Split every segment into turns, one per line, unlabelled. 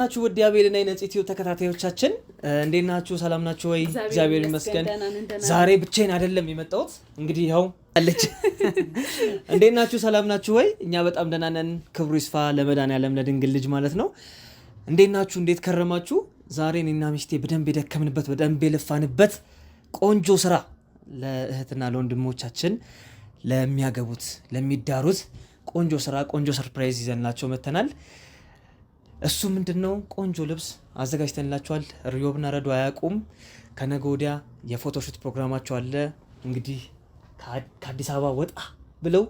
ናችሁ ውድ አቤልና አይነት ኢትዮ ተከታታዮቻችን እንዴት ናችሁ? ሰላም ናችሁ ወይ? እግዚአብሔር ይመስገን። ዛሬ ብቻዬን አይደለም የመጣሁት። እንግዲህ ይኸው አለች። እንዴት ናችሁ? ሰላም ናችሁ ወይ? እኛ በጣም ደህና ነን። ክብሩ ይስፋ ለመድኃኒዓለም ለድንግል ልጅ ማለት ነው። እንዴት ናችሁ? እንዴት ከረማችሁ? ዛሬ እኔና ሚስቴ በደንብ የደከምንበት በደንብ የለፋንበት ቆንጆ ስራ ለእህትና ለወንድሞቻችን ለሚያገቡት ለሚዳሩት ቆንጆ ስራ ቆንጆ ሰርፕራይዝ ይዘንላቸው መተናል። እሱ ምንድነው ቆንጆ ልብስ አዘጋጅተንላቸዋል። ሪዮብና ረዱ አያውቁም። ከነገ ወዲያ የፎቶሹት ፕሮግራማቸው አለ። እንግዲህ ከአዲስ አበባ ወጣ ብለው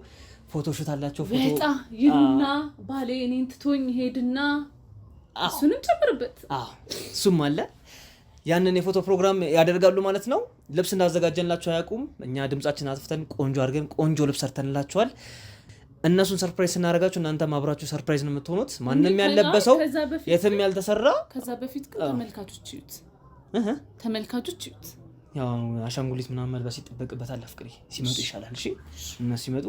ፎቶሹት አላቸው።
ጣ ይና ባሌ እኔን ትቶኝ ሄድና እሱንም ጨምርበት፣
እሱም አለ። ያንን የፎቶ ፕሮግራም ያደርጋሉ ማለት ነው። ልብስ እንዳዘጋጀንላቸው አያውቁም። እኛ ድምጻችን አጥፍተን ቆንጆ አድርገን ቆንጆ ልብስ ሰርተንላቸዋል። እነሱን ሰርፕራይዝ ስናደርጋችሁ እናንተ ማብራችሁ ሰርፕራይዝ ነው የምትሆኑት። ማንም ያለበሰው የትም ያልተሰራ።
ከዛ በፊት ተመልካቾች ይዩት፣ ተመልካቾች ይዩት።
ያው አሻንጉሊት ምናምን መልበስ ይጠበቅበታል። ፍቅሬ ሲመጡ ይሻላል። እሺ እነሱ ሲመጡ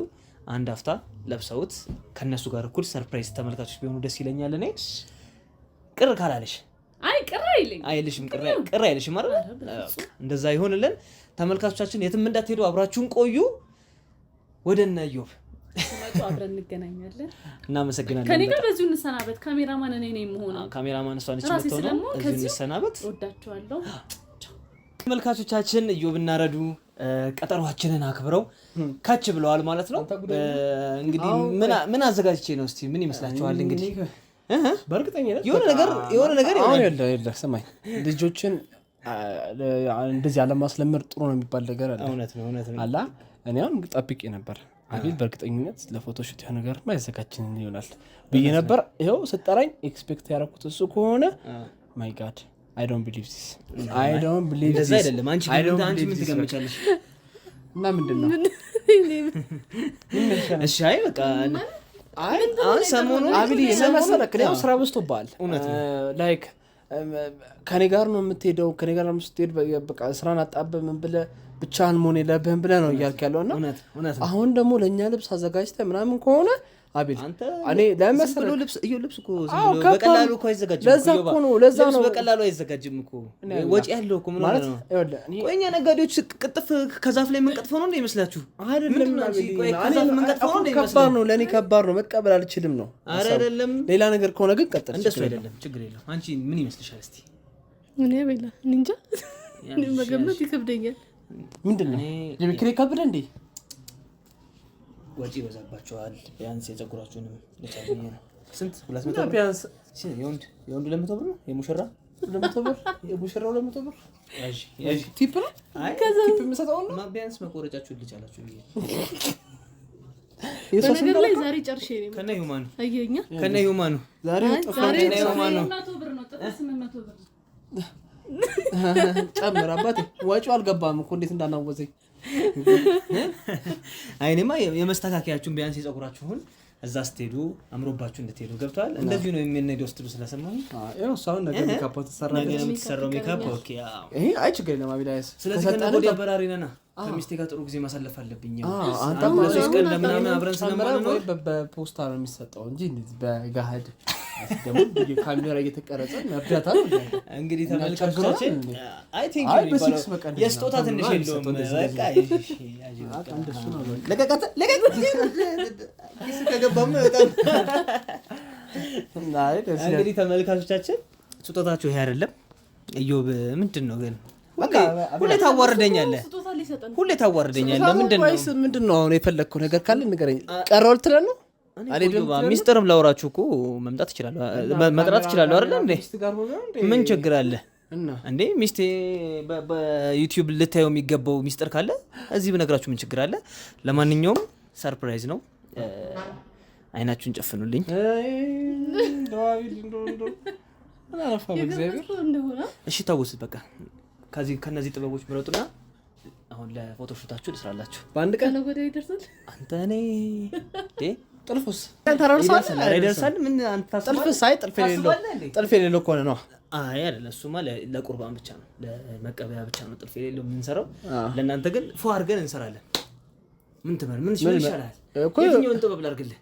አንድ አፍታ ለብሰውት ከእነሱ ጋር እኩል ሰርፕራይዝ ተመልካቾች ቢሆኑ ደስ ይለኛል። እኔ ቅር ካላለሽ
አይ ቅር አይልኝ
አይልሽም፣ ቅር አይልሽም አረ እንደዛ ይሆንልን። ተመልካቾቻችን የትም እንዳትሄዱ አብራችሁን ቆዩ። ወደ እነ ኢዮብ
መጣችሁ አብረን እንገናኛለን።
እናመሰግናለን።
ከኔ ጋር በዚሁ እንሰናበት። ካሜራማን እኔ ነው የምሆነው።
ካሜራማን እሷ ነች የምትሆነው። እዚሁ እንሰናበት።
ወዳችኋለሁ
ተመልካቾቻችን። እዮብና ረዱ ቀጠሯችንን አክብረው ካች ብለዋል ማለት ነው። እንግዲህ ምን አዘጋጅቼ ነው እስቲ ምን ይመስላችኋል? እንግዲህ በእርግጠኝነት የሆነ ነገር የሆነ
ነገር ሰማኝ ልጆችን እንደዚህ አለማስለመድ ጥሩ ነው የሚባል ነገር
አለ።
አላ እኔ አሁን ጠብቄ ነበር አቤል በእርግጠኝነት ለፎቶሾት የሆነ ነገር ማይዘጋችን ይሆናል ብዬ ነበር። ይኸው ስጠራኝ ኤክስፔክት ያደረኩት እሱ ከሆነ ማይ ጋድ አይ ዶንት ቢሊቭ ዚስ
አይ ዶንት ቢሊቭ ዚስ
አይደለም። አንቺ ምን ትገምቻለሽ? እና ምንድን ነው እሺ? አይ በቃ አሁን አቤል ያው ስራ በዝቶብሃል። ላይክ ከኔ ጋር ነው የምትሄደው፣ ከኔ ጋር ነው ስትሄድ ስራን አጣበ ምን ብለህ ብቻህን መሆን የለብህም ብለህ ነው እያልክ ያለው እና አሁን ደግሞ ለእኛ ልብስ አዘጋጅተህ ምናምን ከሆነ አቤት እኔ ለዛ
ነው እኛ ነጋዴዎች ቅጥፍ ከዛፍ ላይ የምንቀጥፈው ነው እንደ
ከባድ ነው ለእኔ ከባድ ነው መቀበል አልችልም ነው። ሌላ ነገር ከሆነ ግን ቀጥል፣
እንደሱ አይደለም ችግር የለም። አንቺ ምን ይመስልሻል? እስኪ
እኔ እንጃ መገመት ይከብደኛል።
ምንድን ነው የምክሬ ከብደ እንዴ ወጪ ይበዛባቸዋል። ቢያንስ የፀጉራችሁንም ስንት ሁለት መቶ ብር የወንድ ለመቶ ብር ነው የሙሽራ ለመቶ ብር የሙሽራው ለመቶ ብር
ቲፕ ነው
ቲፕ የምሰጠው ነው።
ቢያንስ መቆረጫችሁን ልቻላችሁ
በነገር ላይ ዛሬ ጨርሼ
ከነ ዩማኑ ከነ ዩማኑ
ዛሬ
ዛሬ ዩማኑ
ጨምር አባቴ። ወጪው አልገባም እኮ እንዴት እንዳናወዘኝ።
አይኔማ የመስተካከያችሁን ቢያንስ የጸጉራችሁን እዛ ስትሄዱ አምሮባችሁ እንድትሄዱ ገብተዋል። እንደዚሁ ነው የምንሄደው ስትሉ ስለሰማሁ ሳሁን ነና ከሚስቴ ጋር ጥሩ ጊዜ ማሳለፍ አለብኝ። ቀን ለምናምን አብረን
ስለማለ በፖስታ ነው የሚሰጠው እንጂ በገሃድ ደግሞ ካሜራ እየተቀረጸ መርዳታ ነው።
እንግዲህ ተመልካቾችን ትንሽ የለውም። ተመልካቾቻችን ስጦታችሁ ይሄ አይደለም። እዮብ ምንድን ነው ግን ሁሌ ታዋርደኛለህ፣ ሁሌ ታዋርደኛለህ።
ምንድን ነው አሁን የፈለግከው ነገር ካለ ንገረኝ። ቀረው ልትለን ነው
ሚስጥርም ላውራችሁ እኮ መምጣት ይችላሉ፣ መጥራት እችላለሁ አይደለ ምን ችግር አለ እንዴ? ሚስቴ በዩቲዩብ ልታየው የሚገባው ሚስጥር ካለ እዚህ ብነግራችሁ ምን ችግር አለ? ለማንኛውም ሰርፕራይዝ ነው። አይናችሁን ጨፍኑልኝ። እሺ ታወስ፣ በቃ ከዚህ ከነዚህ ጥበቦች ምረጡና አሁን ለፎቶሾታችሁ ልስራላችሁ። በአንድ ቀን አንተ እኔ ጥልፍ የሌለው ከሆነ ነው። አይ አይደለ፣ እሱማ ለቁርባን ብቻ ነው፣ ለመቀበያ ብቻ ነው ጥልፍ የሌለው የምንሰራው። ለእናንተ ግን ፎ አድርገን እንሰራለን። ምን ትበል? ምን ይሻላል? የትኛውን ጥበብ ላድርግልህ?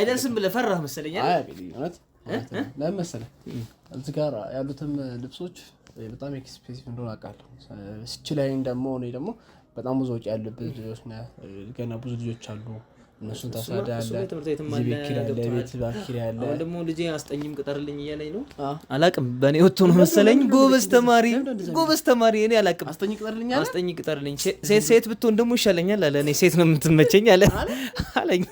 አይደርስም ብለህ ፈራህ መሰለኝ።
ለምን መሰለህ? እዚህ ጋር ያሉትም ልብሶች በጣም ኤክስፔንሲቭ እንደሆነ አውቃለሁ። ስች ላይ ደግሞ እኔ ደግሞ በጣም ብዙ ወጪ ያለብህ ልጆች ገና ብዙ ልጆች አሉ
እነሱን ታሳዳለህ። ደግሞ ልጄ አስጠኝም ቅጠርልኝ እያለኝ ነው።
አላቅም በእኔ ወጥቶ ነው መሰለኝ። ጎበዝ ተማሪ፣ ጎበዝ ተማሪ። እኔ አላቅም። አስጠኝ ቅጠርልኝ። ሴት ብትሆን ደግሞ ይሻለኛል አለ። እኔ ሴት ነው የምትመቸኝ አለ አለኝ።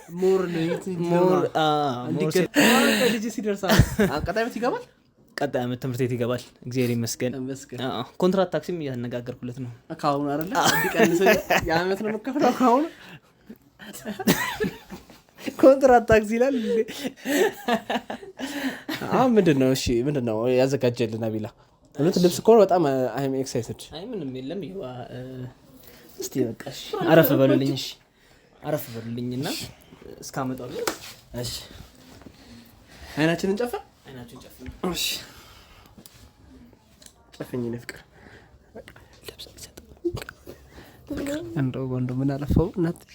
ቀጣይ ዓመት ትምህርት ቤት ይገባል። እግዚአብሔር ይመስገን። ኮንትራት ታክሲም እያነጋገርኩለት ነው። ኮንትራት ታክስ ይላል። ምንድን ነው? እሺ ምንድን ነው ያዘጋጀልን? ቢላ እውነት ልብስ ከሆነ በጣም አይም ኤክሳይትድ።
አይ ምንም የለም። እስቲ በቃ
አረፍ በሉልኝ፣ እሺ
አረፍ በሉልኝ እና እስካመጣሉ እሺ፣ አይናችንን ጨፈን
አይናችን ጨፈን።
እሺ ጨፍኝ ነው ፍቅር
እንደው ወንዶ ምን አለፈው እናትሽ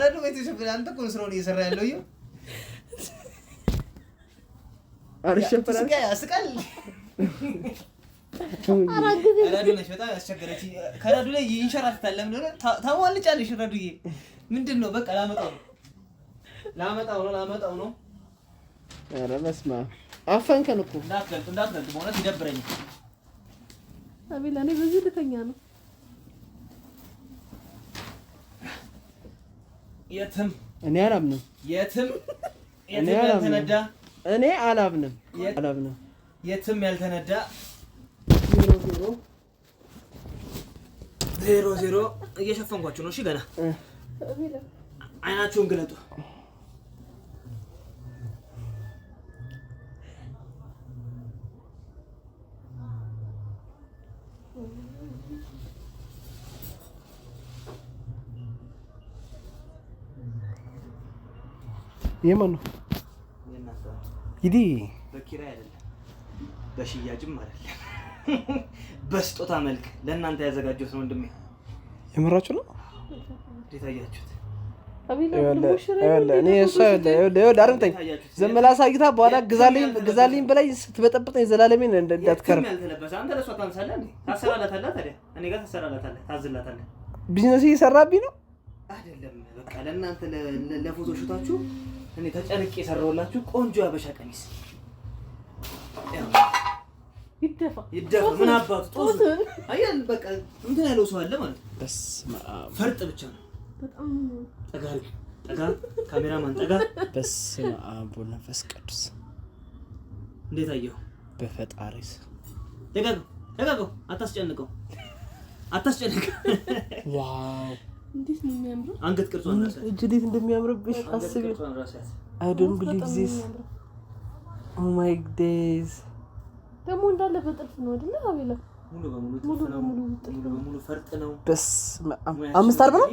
ረዱ ቤተሰብ አንተ እኮ ስራውን እየሰራ ያለው እዩ
አልሸፈናስቃል
ረዱ ነች። በጣም ያስቸገረች ከረዱ ላይ ይንሸራትታል። ለምን ሆነ ታሟልጫለሽ? ረዱዬ ምንድን ነው? በቃ ላመጣው ነው ላመጣው ነው ላመጣው ነው።
ኧረ በስመ አብ አፈንከን እኮ
እንዳትገልጥ እንዳትገልጥ፣ በእውነት ይደብረኛል።
አቤላ እኔ በዚህ ልተኛ ነው
የትም እኔ አላምንም። የትም እኔ ያልተነዳ
እኔ አላምንም አላምንም።
የትም ያልተነዳ ዜሮ ዜሮ ዜሮ ዜሮ እየሸፈንኳችሁ ነው። እሺ ገና አይናችሁን ግለጡ።
የማን ነው? ይዲ
በኪራይ አይደለም፣ በሽያጭም አይደለም፣ በስጦታ መልክ ለእናንተ ያዘጋጀሁት ነው። ወንድሜ የምራችሁ ነው። እንዴት አያችሁት?
ዝም ብላ ሳይታ በኋላ ግዛልኝ ብላኝ ስትበጠብጠኝ ዘላለሜን
እንዳትከር።
ቢዝነስ እየሰራብኝ ነው።
አይደለም በቃ ለእናንተ ለፎቶ ሹታችሁ እኔ ተጨንቄ የሰራሁላችሁ ቆንጆ ያበሻ ቀሚስ
ይደፋ
ምን አባቱ ጦስ አየን። በቃ እንትን ያለው ሰው አለ ማለት ደስ ፈርጥ ብቻ ነው። በጣም ጠጋ ጠጋ፣ ካሜራማን ጠጋ።
በስመ አብ ወመንፈስ ቅዱስ። እንዴት አየው? በፈጣሪ ስም
ደጋገው አታስጨንቀው፣ አታስጨንቀው።
ዋው
እንዴት ነው የሚያምረው?
አንገት ቅርጽ
እንዴት እንደሚያምርብሽ አስቢ። አይ ዶንት ቢሊቭ ዚስ ኦ ማይ ዴይዝ።
ደግሞ እንዳለ በጥልፍ ነው አይደለ አቤላ?
ሙሉ በሙሉ ፈርጥ ነው።
በስመ አብ አምስት አርብ ነው።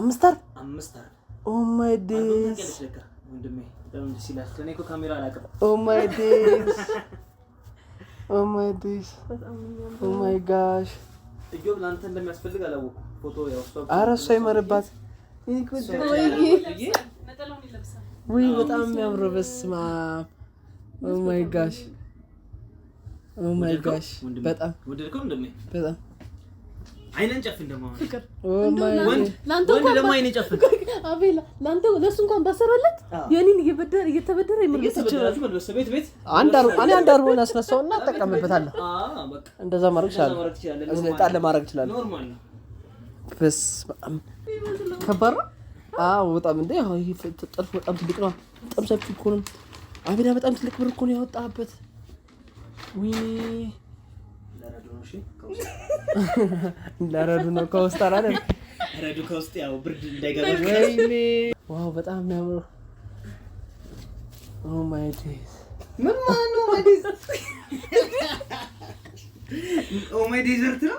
አምስት አርብ
ኦ ማይ
ኦ ማይ ዴይዝ ኦ ማይ ጋሽ
እጆብ ለአንተ እንደሚያስፈልግ አላወኩም።
አረ እሷ ይመርባት። ውይ በጣም የሚያምረው በስመ አብ። ኦ ማይ ጋሽ ኦ ማይ ጋሽ በጣም በጣም አይነን ወንድ
አቤላ ለሱ እንኳን ባሰራለት የኔን እየበደረ እየተበደረ ይመልስ
ይችላል።
አንድ አርብ አንድ አስነሳውና እጠቀምበታለሁ። እንደዛ ማድረግ ይችላል። ጣል ለማድረግ ይችላል። በስመ አብ ከባድ ነው በጣም እንደ ጠልፉ በጣም ትልቅ ነው። በጣም ሰፊ እኮ ነው። አቤዳ በጣም ትልቅ ብር እኮ ነው ያወጣበት። ለረዱ ነው ከውስጥ አላለም።
ረዱ ከውስጥ ያው ብርድ እንዳይገባ።
ወይኔ ዋው በጣም የሚያምሩ ኦ ማይ ዴዝ
ምን ማለት ነው? ማይ ዴዝ ኦ ማይ ዴዘርት ነው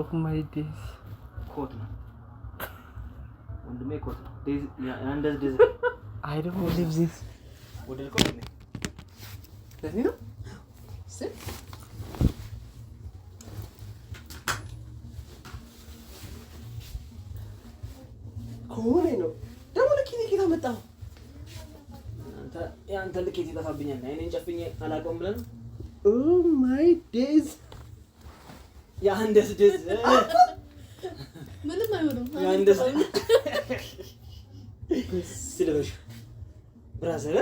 ኦፍ ማይ ዴዝ
ኮት ነው ወንድሜ፣ ኮት ነው።
አይ ደግሞ ሊቭ ዚስ
ለዚህ ነው ከሆነ ነው ደግሞ ለኪኔ ጌታ መጣ ነው የአንተ ልኬት ይጠፋብኛል እና እኔን ጨፍኜ አላውቀውም ብለን
ማይ ዴዝ
የአንደስ ዴዝ ምንም አይሆንም። የአንደስ ስለበሽ ብራዘር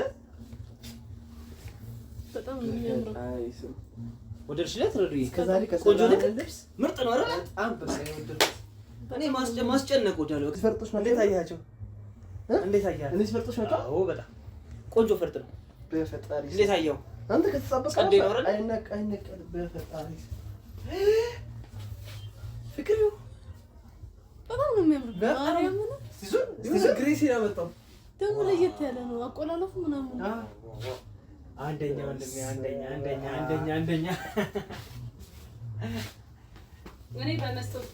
በጣም ረዱዬ ቆንጆ ምርጥ ነው። እኔ ማስጨነቅ እንዴት አያቸው? እንዴት አያ እንዴት ፈርጦች መጣ በጣም ቆንጆ ፍርጥ ነው። በፈጣሪ እንዴት አየው
አንተ
የሚያምር። ደግሞ ለየት ያለ ነው አቆላለፉ ምናምን።
አንደኛ አንደኛ አንደኛ አንደኛ አንደኛ
እኔ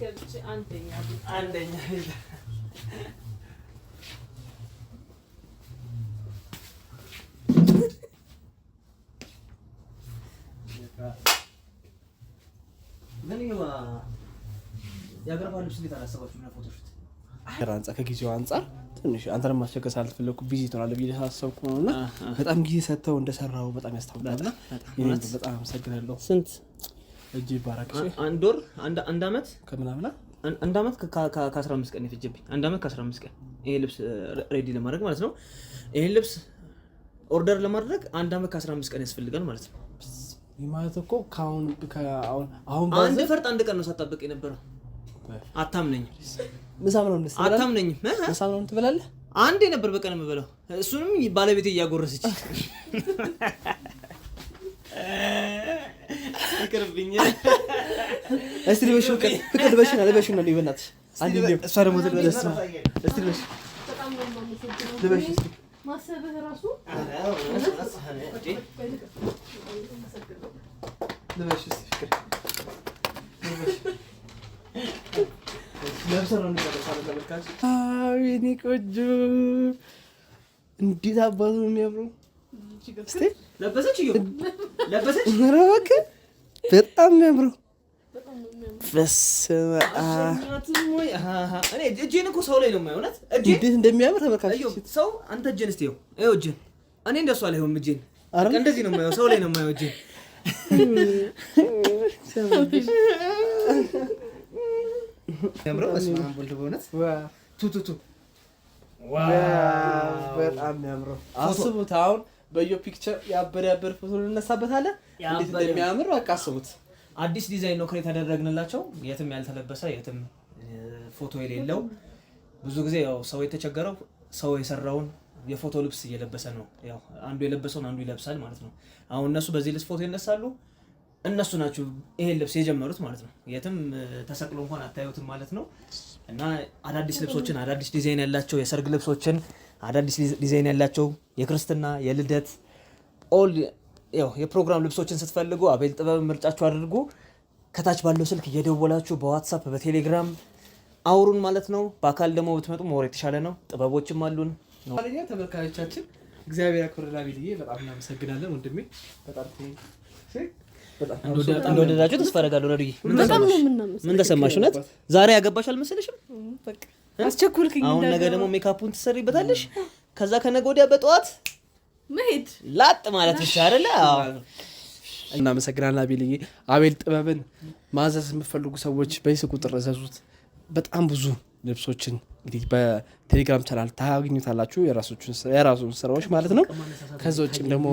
ገብቼ አንደኛ አንደኛ
ከጊዜው አንጻር ትንሽ አንተን ማስቸገር ሳልፈለግኩ ቢዚ ትሆናለህ ብዬ ሳሰብኩ ነው። እና በጣም ጊዜ ሰጥተው እንደሰራው በጣም ያስታውቃልና በጣም አመሰግናለሁ። ስንት እጅ ይባረክ።
አንድ ወር አንድ አመት ከምናምን አንድ አመት ከአስራ አምስት ቀን የፈጀብኝ አንድ አመት ከአስራ አምስት ቀን ይሄ ልብስ ሬዲ ለማድረግ ማለት ነው። ይሄን ልብስ ኦርደር ለማድረግ አንድ አመት ከአስራ አምስት ቀን ያስፈልጋል ማለት ነው።
ማለት እኮ አሁን
አንድ ፈርጥ አንድ ቀን ነው ሳጣበቅ የነበረው። ምሳም አታምነኝም፣ አታምነኝም።
ምሳም ነው ትበላለህ?
አንዴ ነበር በቀን የምበላው፣ እሱንም ባለቤት እያጎረሰች ይቅርብኝ።
እስቲ ልበሽ ፍቅር፣ ልበሽና ልበሽና ነው ይበናት። እሷ ደግሞ ትበለስ እስቲ ልበሽ ልበሽ
ማሰብህ ራሱ
ልበሽ እስኪ
ፍቅር
የእኔ ቆንጆ እንዴት አባቱ ነው የሚያምሩ። በጣም የሚያምሩ
እጄን እኮ ሰው ላይ ነው የማየው። እውነት እንዴት እንደሚያምር ተመልካች ሰው አንተ እጄን እስኪ ይኸው እጄን እኔ እንደሱ አላየሁም። እጄን እንደዚህ ነው የማየው፣ ሰው ላይ ነው የማየው እጄን በጣም አስቡት። አሁን በየ ፒክቸር ያበር ያበር ፎቶ ልነሳበታለን። እንዴት እንደሚያምር በቃ አስቡት። አዲስ ዲዛይን ነው ክሬት ያደረግንላቸው። የትም ያልተለበሰ የትም ፎቶ የሌለው ብዙ ጊዜ ያው ሰው የተቸገረው ሰው የሰራውን የፎቶ ልብስ እየለበሰ ነው። ያው አንዱ የለበሰውን አንዱ ይለብሳል ማለት ነው። አሁን እነሱ በዚህ ልብስ ፎቶ ይነሳሉ። እነሱ ናቸው ይሄን ልብስ የጀመሩት ማለት ነው። የትም ተሰቅሎ እንኳን አታዩትም ማለት ነው። እና አዳዲስ ልብሶችን አዳዲስ ዲዛይን ያላቸው የሰርግ ልብሶችን አዳዲስ ዲዛይን ያላቸው የክርስትና፣ የልደት ኦል ያው የፕሮግራም ልብሶችን ስትፈልጉ አቤል ጥበብ ምርጫችሁ አድርጉ። ከታች ባለው ስልክ እየደወላችሁ በዋትሳፕ በቴሌግራም አውሩን ማለት ነው። በአካል ደግሞ ብትመጡ መወር የተሻለ ነው። ጥበቦችም አሉን።
አለኛ ተመልካዮቻችን እግዚአብሔር ያክብርላ ቤትዬ በጣም እናመሰግናለን ወንድሜ በጣም
እንደወደዳችሁ ተስፋ አደርጋለሁ። ረዱዬ ምን ተሰማሽ? እውነት ዛሬ ያገባሽ አልመሰለሽም? አስቸኩልክኝ። አሁን ነገ ደግሞ ሜካፑን ትሰሪበታለሽ። ከዛ ከነገ ወዲያ በጠዋት መሄድ ላጥ ማለት ብቻ አይደለ?
እናመሰግናለን አቤልዬ። አቤል ጥበብን ማዘዝ የምፈልጉ ሰዎች በይስ ቁጥር እዘዙት። በጣም ብዙ ልብሶችን እንግዲህ በቴሌግራም ቻናል ታገኙታላችሁ፣ የራሱን ስራዎች ማለት ነው። ከዚ ውጭም ደግሞ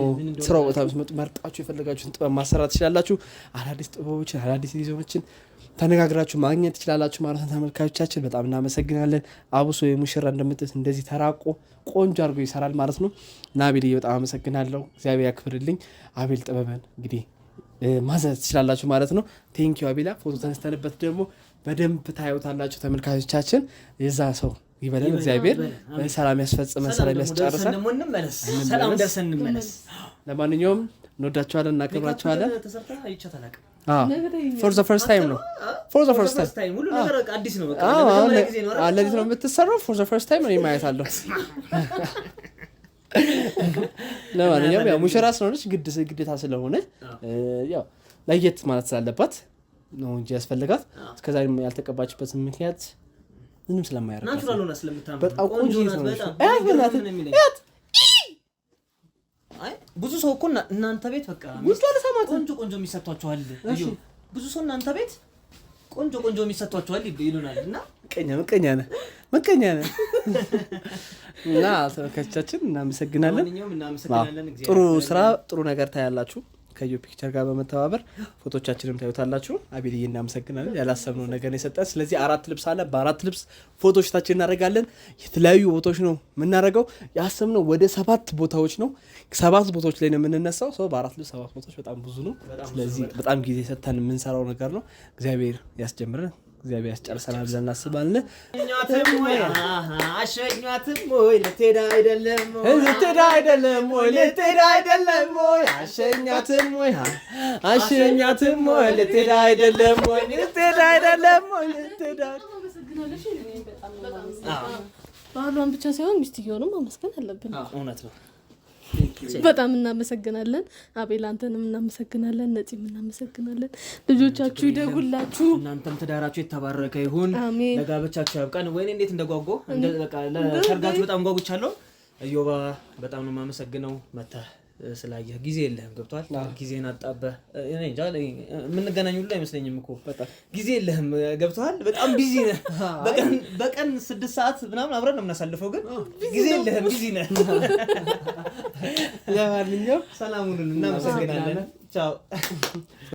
ስራው ቦታ ብትመጡ መርጣችሁ የፈለጋችሁን ጥበብ ማሰራት ትችላላችሁ። አዳዲስ ጥበቦችን አዳዲስ ዲዛይኖችን ተነጋግራችሁ ማግኘት ትችላላችሁ ማለት ነው። ተመልካቾቻችን በጣም እናመሰግናለን። አቡሶ የሙሽራ እንደምትት እንደዚህ ተራቆ ቆንጆ አድርጎ ይሰራል ማለት ነው እና በጣም አመሰግናለሁ። እግዚአብሔር ያክብርልኝ። አቤል ጥበበን እንግዲህ ማዘዝ ትችላላችሁ ማለት ነው። ቴንኪ አቢላ። ፎቶ ተነስተንበት ደግሞ በደንብ ታዩታላችሁ ተመልካቾቻችን። የዛ ሰው ይበለን እግዚአብሔር ሰላም ያስፈጽመን፣ ሰላም ያስጨርሰን። ለማንኛውም እንወዳችኋለን፣ እናከብራችኋለን። ፎር ዘ ፈርስት ታይም ነው ፎር ዘ ፈርስት ታይም ነው የምትሰራው። ፎር ዘ ፈርስት ታይም ማየት አለሁ። ለማንኛውም ያው ሙሽራ ስለሆነች ግዴታ ስለሆነ ያው ለየት ማለት ስላለባት ነው እንጂ ያስፈልጋት እስከዛ ያልተቀባችበት ምክንያት ምንም ስለማያረግ
ብዙ ሰው እኮ እናንተ ቤት
በቃቆንጆ
ቆንጆ ቆንጆ ብዙ ሰው እናንተ ቤት ቆንጆ ቆንጆ የሚሰጧቸዋል ይሉናል እና
ቀኛ ቀኛ ነህ ምቀኛ እና ተመልካቾቻችን እናመሰግናለን። ጥሩ ስራ፣ ጥሩ ነገር ታያላችሁ። ከዩ ፒክቸር ጋር በመተባበር ፎቶቻችንም ታዩታላችሁ። አቤልዬ እናመሰግናለን። ያላሰብነው ነገር ነው የሰጠን። ስለዚህ አራት ልብስ አለ። በአራት ልብስ ፎቶሽታችን እናደርጋለን። የተለያዩ ቦታዎች ነው የምናደርገው። ያሰብነው ወደ ሰባት ቦታዎች ነው። ሰባት ቦታዎች ላይ ነው የምንነሳው። ሰው በአራት ልብስ ሰባት ቦታዎች በጣም ብዙ ነው። ስለዚህ በጣም ጊዜ ሰጥተን የምንሰራው ነገር ነው። እግዚአብሔር ያስጀምረን። እግዚአብሔር ያስጨርሰናል ብለን እናስባለን። አሸኟትም ወይ አይደለም ወይ አይደለም ወይ አይደለም ወይ አሸኛትም ወይ
አሸኛትም ወይ ልትሄድ አይደለም ወይ ልትሄድ አይደለም ወይ ልትሄድ ባሏን ብቻ ሳይሆን ሚስትየውንም ማመስገን አለብን። እውነት ነው። በጣም እናመሰግናለን። አቤል አንተንም እናመሰግናለን። ነፂም እናመሰግናለን። ልጆቻችሁ ይደጉላችሁ።
እናንተም ትዳራችሁ የተባረከ ይሁን። ለጋብቻችሁ ያብቃን። ወይኔ እንዴት እንደጓጓ ለሰርጋችሁ በጣም ጓጉቻለሁ። እዮባ በጣም ነው የማመሰግነው መታ ስላየህ ጊዜ የለህም። ገብቷል። ጊዜን አጣበህ የምንገናኝ ሁሉ አይመስለኝም እኮ ጊዜ የለህም። ገብቷል። በጣም ቢዚ ነህ። በቀን ስድስት ሰዓት ምናምን አብረን ነው የምናሳልፈው፣ ግን ጊዜ የለህም። ቢዚ ነህ።
ለማንኛውም ሰላሙንን እናመሰግናለን።
ቻው